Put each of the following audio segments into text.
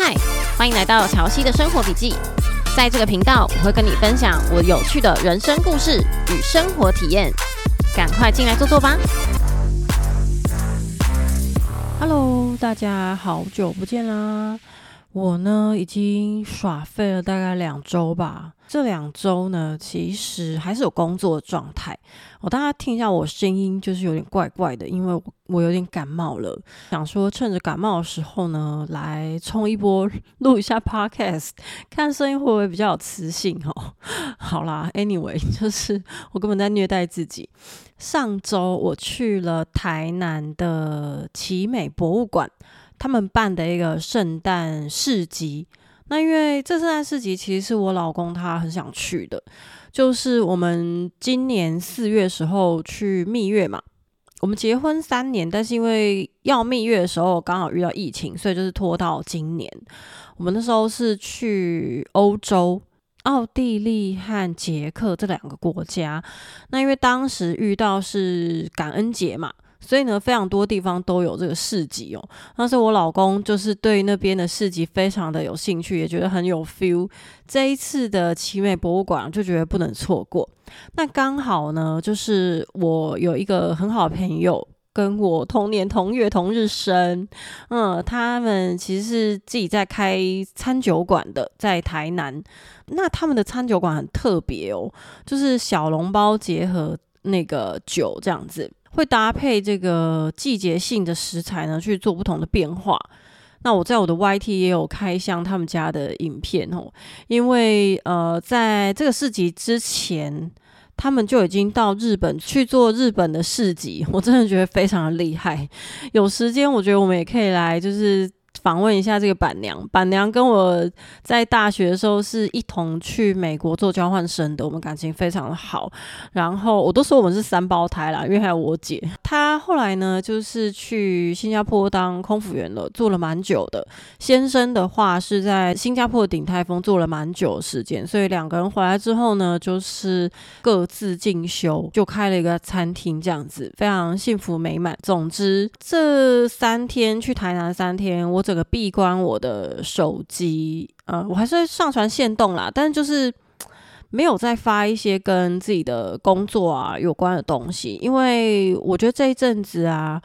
嗨，Hi, 歡迎來到蕎希的生活筆記。在這個頻道，我會跟你分享我有趣的人生故事與生活體驗。趕快進來坐坐吧。Hello，大家好久不見啦！我呢，已經耍廢了大概兩周吧。這兩周呢，其實還是有工作狀態。我、哦、大家聽一下我聲音，就是有點怪怪的，因為我有點感冒了。想說趁着感冒的時候呢，來衝一波，錄一下 podcast， 看聲音會不會比較有磁性哦。好啦，anyway，就是我根本在虐待自己。上周我去了台南的奇美博物館，他們辦的一個聖誕市集。那因為這次在世集，其實是我老公他很想去的，就是我們今年四月的時候去蜜月嘛。我們結婚三年，但是因為要蜜月的時候剛好遇到疫情，所以就是拖到今年。我們那時候是去歐洲，奧地利和捷克這兩個國家。那因為當時遇到是感恩節嘛。所以呢，非常多地方都有這個市集哦。但是我老公就是對那邊的市集非常的有興趣，也覺得很有 feel。這一次的奇美博物館就覺得不能錯過。那剛好呢，就是我有一個很好的朋友，跟我同年同月同日生，嗯，他們其實是自己在開餐酒館的，在台南。那他們的餐酒館很特別哦，就是小籠包結合那個酒這樣子。會搭配這個季節性的食材呢，去做不同的變化。那我在我的 YT 也有開箱他們家的影片哦，因為呃，在這個市集之前，他們就已經到日本去做日本的市集，我真的覺得非常的厲害。有時間我覺得我們也可以來就是。訪問一下這個板娘，板娘跟我在大學的時候是一同去美國做交換生的，我們感情非常的好。然後我都說我們是三胞胎啦，因為還有我姐。她後來呢，就是去新加坡當空服員了，做了蠻久的。先生的話是在新加坡的鼎泰豐做了蠻久的時間，所以兩個人回來之後呢，就是各自進修，就開了一個餐廳，這樣子非常幸福美滿。總之，這三天去台南三天我整個閉關我的手機，啊、呃，我還是上傳限動啦，但是就是沒有再發一些跟自己的工作啊有關的東西，因為我覺得這一陣子啊，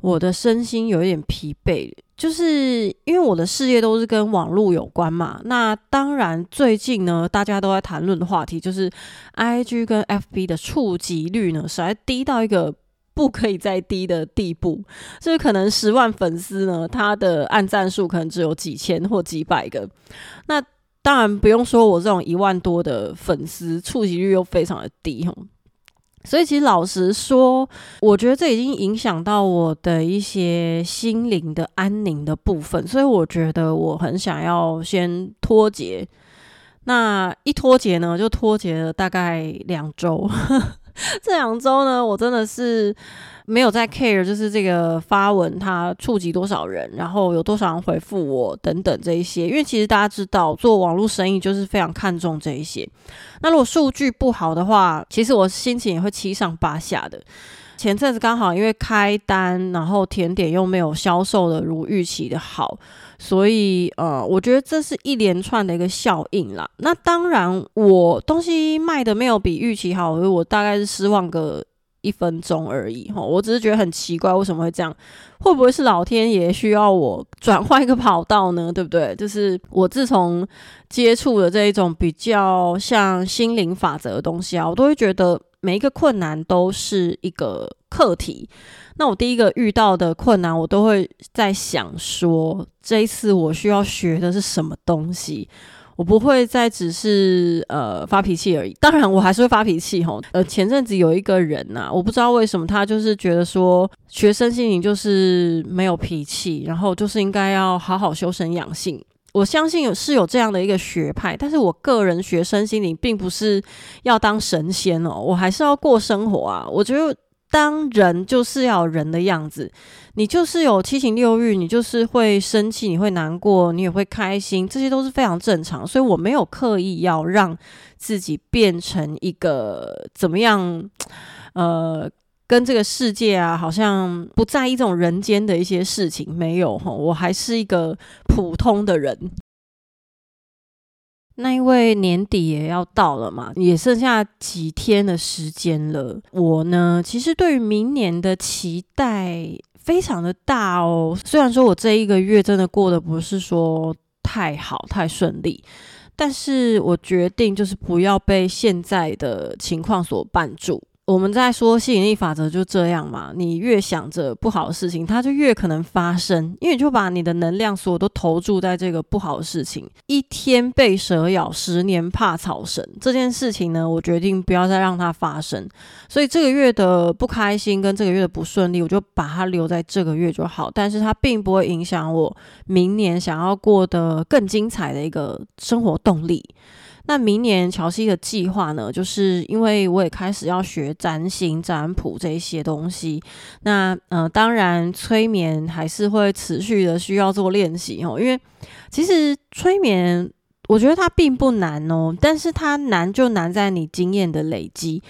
我的身心有一點疲憊，就是因為我的事業都是跟網絡有關嘛。那當然，最近呢，大家都在談論的話題就是 IG 跟 FB 的觸及率呢，實在低到一個。不可以再低的地步，所以可能十萬粉絲呢，他的按贊數可能只有幾千或幾百個。那當然不用說，我這種一萬多的粉絲，觸及率又非常的低，吼，所以其實老實說，我覺得這已經影響到我的一些心靈的安寧的部分。所以我覺得我很想要先脫節。那一脫節呢，就脫節了大概兩周。 這兩周呢，我真的是沒有在 care，就是這個發文它觸及多少人，然後有多少人回復我等等這一些，因為其實大家知道做網絡生意就是非常看重這一些。那如果數據不好的話，其實我心情也會七上八下的。前陣子剛好因為開單，然後甜點又沒有銷售的如預期的好，所以呃，我覺得這是一連串的一個效應啦。那當然，我東西賣的沒有比預期好，我大概是失望個一分鐘而已哈、哦。我只是覺得很奇怪，為什麼會這樣？會不會是老天爺需要我轉換一個跑道呢？對不對？就是我自從接觸了這一種比較像心靈法則的東西啊，我都會覺得。每一個困難都是一個課題。那我第一個遇到的困難，我都會在想說，這一次我需要學的是什麼東西？我不會再只是呃發脾氣而已。當然，我還是會發脾氣吼。呃，前陣子有一個人吶、啊，我不知道為什麼，他就是覺得說學身心靈就是沒有脾氣，然後就是應該要好好修身養性。我相信有是有這樣的一個學派，但是我個人學身心靈並不是要當神仙哦，我還是要過生活啊。我覺得當人就是要有人的樣子，你就是有七情六欲，你就是會生氣，你會難過，你也會開心，這些都是非常正常。所以我沒有刻意要讓自己變成一個怎麼樣，呃。跟這個世界啊，好像不在意這種人間的一些事情，沒有，我還是一個普通的人。那因為年底也要到了嘛，也剩下幾天的時間了。我呢，其實對於明年的期待非常的大哦。雖然說我這一個月真的過得不是說太好，太順利，但是我決定就是不要被現在的情況所絆住。我們在說吸引力法則就這樣嘛，你越想着不好的事情，它就越可能發生，因為你就把你的能量所有都投注在這個不好的事情。一天被蛇咬，十年怕草繩。這件事情呢，我決定不要再讓它發生。所以這個月的不開心跟這個月的不順利，我就把它留在這個月就好，但是它並不會影響我明年想要過得更精彩的一個生活動力。那明年蕎希的計劃呢？就是因為我也開始要學占星、占卜這些東西。那呃，當然催眠還是會持續的需要做練習哦。因為其實催眠，我覺得它並不難哦，但是它難就難在你經驗的累積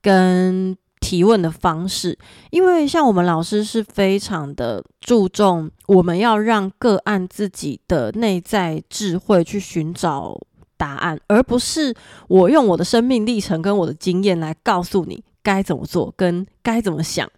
跟提問的方式。因為像我們老師是非常的注重，我們要讓個案自己的內在智慧去尋找答案，而不是我用我的生命歷程跟我的經驗來告訴你該怎麼做跟該怎麼想。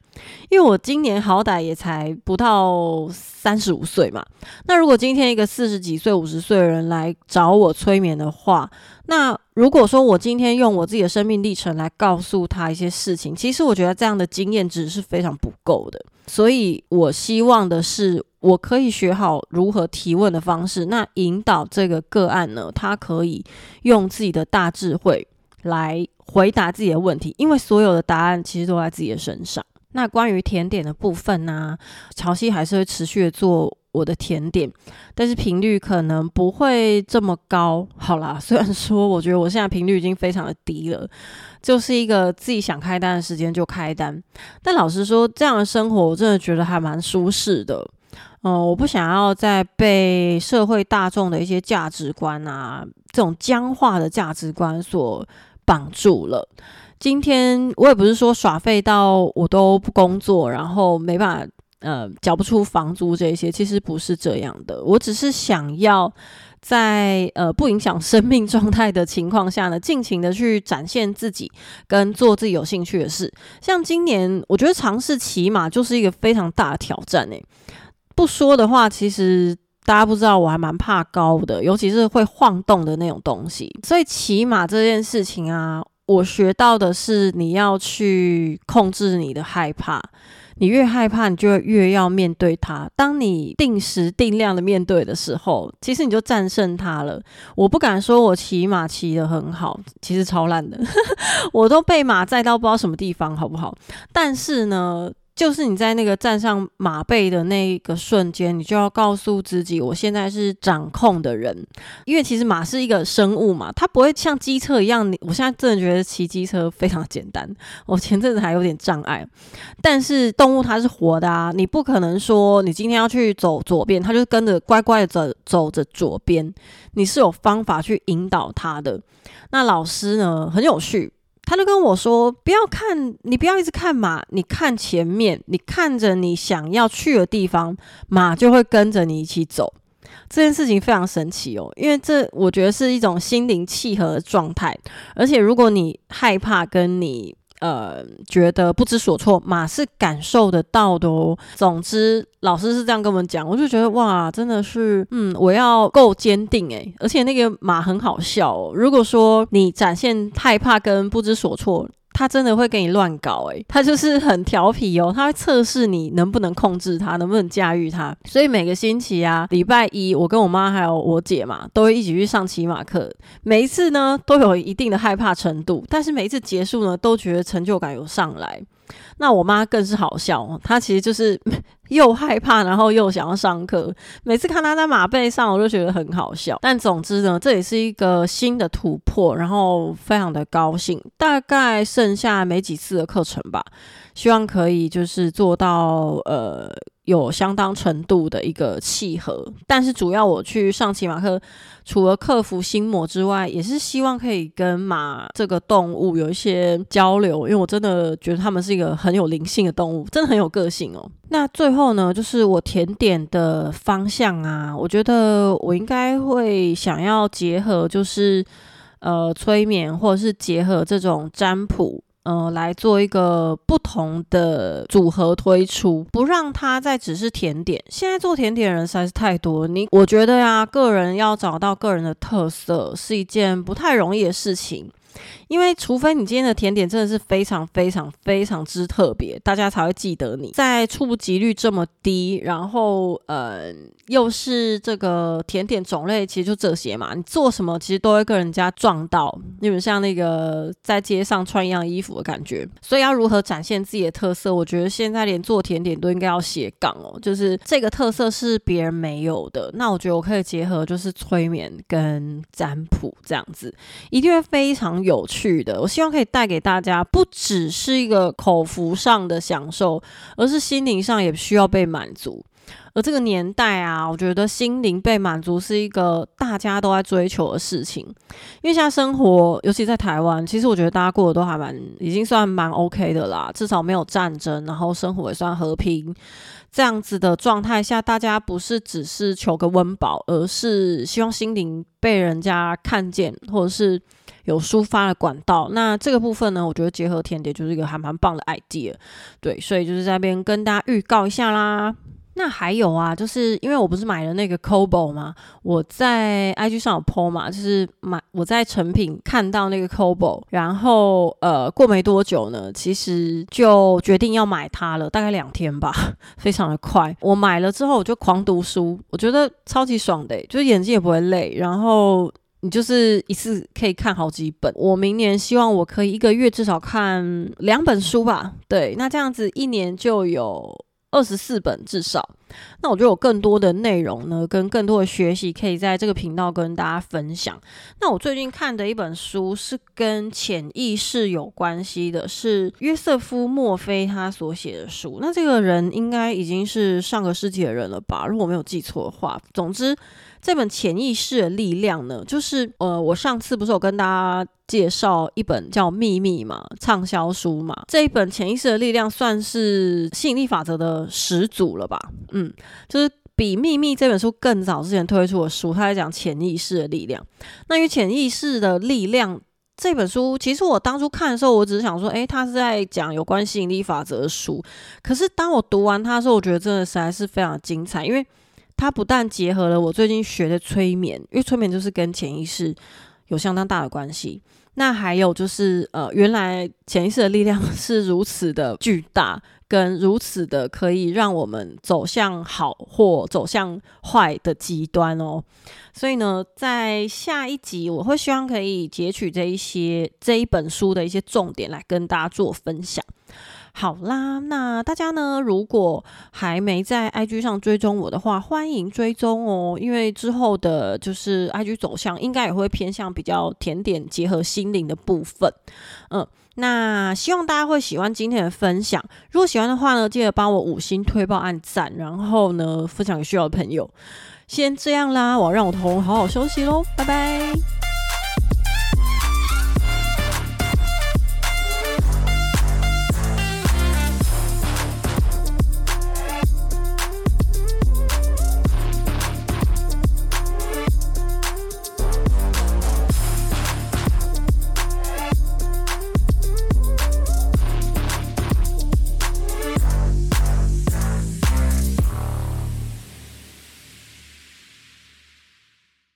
因為我今年好歹也才不到三十五歲嘛，那如果今天一個四十幾歲、五十歲的人來找我催眠的話，那如果說我今天用我自己的生命歷程來告訴他一些事情，其實我覺得這樣的經驗值是非常不夠的。所以我希望的是，我可以學好如何提問的方式，那引導這個個案呢，他可以用自己的大智慧來回答自己的問題，因為所有的答案其實都在自己的身上。那關於甜點的部分呢、啊？蕎希還是會持續的做我的甜點，但是頻率可能不會這麼高。好啦，雖然說我覺得我現在頻率已經非常的低了，就是一個自己想開單的時間就開單。但老實說，這樣的生活我真的覺得還蠻舒適的。嗯、呃，我不想要再被社會大眾的一些價值觀啊，這種僵化的價值觀所綁住了。今天我也不是說耍廢到我都不工作，然後沒辦法，呃，繳不出房租這些，其實不是這樣的。我只是想要在呃不影響生命狀態的情況下呢，盡情的去展現自己跟做自己有興趣的事。像今年，我覺得嘗試騎馬就是一個非常大的挑戰誒、欸。不說的話，其實大家不知道，我還蠻怕高的，尤其是會晃動的那種東西。所以騎馬這件事情啊。我學到的是，你要去控制你的害怕。你越害怕，你就越，越要面對它。當你定時定量的面對的時候，其實你就戰勝它了。我不敢說，我騎馬騎得很好，其實超爛的， 我都被馬載到不知道什麼地方，好不好？但是呢。就是你在那個站上馬背的那一個瞬間，你就要告訴自己，我現在是掌控的人。因為其實馬是一個生物嘛，它不會像機車一樣。你我現在真的覺得騎機車非常簡單，我前陣子還有點障礙。但是動物它是活的啊，你不可能說你今天要去走左邊，它就跟着乖乖的走走着左邊。你是有方法去引導它的。那老師呢？很有趣。他就跟我說：“不要看，你不要一直看馬，你看前面，你看着你想要去的地方，馬就會跟着你一起走。這件事情非常神奇哦，因為這我覺得是一種心靈契合的狀態。而且，如果你害怕跟你……”呃，覺得不知所措，馬是感受得到的哦。總之，老師是這樣跟我們講，我就覺得哇，真的是，嗯，我要夠堅定誒。而且那個馬很好笑哦。如果說你展現害怕跟不知所措。他真的會給你亂搞欸，他就是很調皮喔，他會測試你能不能控制他，能不能駕馭他。所以每個星期啊，禮拜一我跟我媽還有我姐嘛，都會一起去上騎馬課。每一次呢都有一定的害怕程度，但是每一次結束呢都覺得成就感有上來。那我媽更是好笑喔，她其實就是。 又害怕，然後又想要上課。每次看他在馬背上，我就覺得很好笑。但總之呢，這也是一個新的突破，然後非常的高興。大概剩下沒幾次的課程吧，希望可以就是做到，呃。有相當程度的一個契合，但是主要我去上騎馬課，除了克服心魔之外，也是希望可以跟馬這個動物有一些交流，因為我真的覺得它們是一個很有靈性的動物，真的很有個性哦。那最後呢，就是我甜點的方向啊，我覺得我應該會想要結合，就是呃催眠，或者是結合這種佔卜。呃，來做一個不同的組合推出，不讓它再只是甜點。現在做甜點的人實在是太多了，你，我覺得呀、啊，個人要找到個人的特色是一件不太容易的事情。因為除非你今天的甜點真的是非常非常非常之特別，大家才會記得你。在觸及率這麼低，然後呃，又是這個甜點種類，其實就這些嘛。你做什麼，其實都會跟人家撞到，你比如像那個在街上穿一樣衣服的感覺。所以要如何展現自己的特色？我覺得現在連做甜點都應該要斜槓哦，就是這個特色是別人沒有的。那我覺得我可以結合就是催眠跟占卜這樣子，一定會非常，有趣的，我希望可以帶給大家，不只是一個口福上的享受，而是心靈上也需要被滿足。而這個年代啊，我覺得心靈被滿足是一個大家都在追求的事情。因為現在生活，尤其在台灣，其實我覺得大家過得都還蠻，已經算蠻 OK 的啦，至少沒有戰爭，然後生活也算和平。這樣子的狀態下，大家不是只是求個溫飽，而是希望心靈被人家看見，或者是有抒發的管道。那這個部分呢，我覺得結合甜點就是一個還蠻棒的 idea。對，所以就是在那邊跟大家預告一下啦。那還有啊，就是因為我不是買了那個 Kobo 嘛，我在 IG 上有 po 嘛，就是買我在誠品看到那個 Kobo，然後呃過沒多久呢，其實就決定要買它了，大概兩天吧，非常的快。我買了之後我就狂讀書，我覺得超級爽的，就是眼睛也不會累，然後你就是一次可以看好幾本。我明年希望我可以一個月至少看兩本書吧，對，那這樣子一年就有。二十四本至少，那我覺得有更多的內容呢，跟更多的學習可以在這個頻道跟大家分享。那我最近看的一本書是跟潛意識有關係的，是約瑟夫·墨菲他所寫的書。那這個人應該已經是上個世紀的人了吧？如果沒有記錯的話。總之。這本《潛意識的力量》呢，就是呃，我上次不是有跟大家介紹一本叫《秘密》嘛，暢銷書嘛。這一本《潛意識的力量》算是吸引力法則的始祖了吧？嗯，就是比《秘密》這本書更早之前推出的書，他在講潛意識的力量。那於《潛意識的力量》這本書，其實我當初看的時候，我只是想說，哎，他是在講有關吸引力法則的書。可是當我讀完它的時候，我覺得真的實在是非常精彩，因為。它不但結合了我最近學的催眠，因為催眠就是跟潛意識有相當大的關係。那還有就是，呃，原來潛意識的力量是如此的巨大，跟如此的可以讓我們走向好或走向壞的極端哦。所以呢，在下一集我會希望可以截取這一些這一本書的一些重點來跟大家做分享。好啦，那大家呢，如果還沒在 IG 上追蹤我的話，歡迎追蹤哦。因為之後的就是 IG 走向，應該也會偏向比較甜點結合心靈的部分。嗯，那希望大家會喜歡今天的分享。如果喜歡的話呢，記得幫我五星推爆、按讚，然後呢，分享給需要的朋友。先這樣啦，我要讓我喉嚨好好休息嘍，拜拜。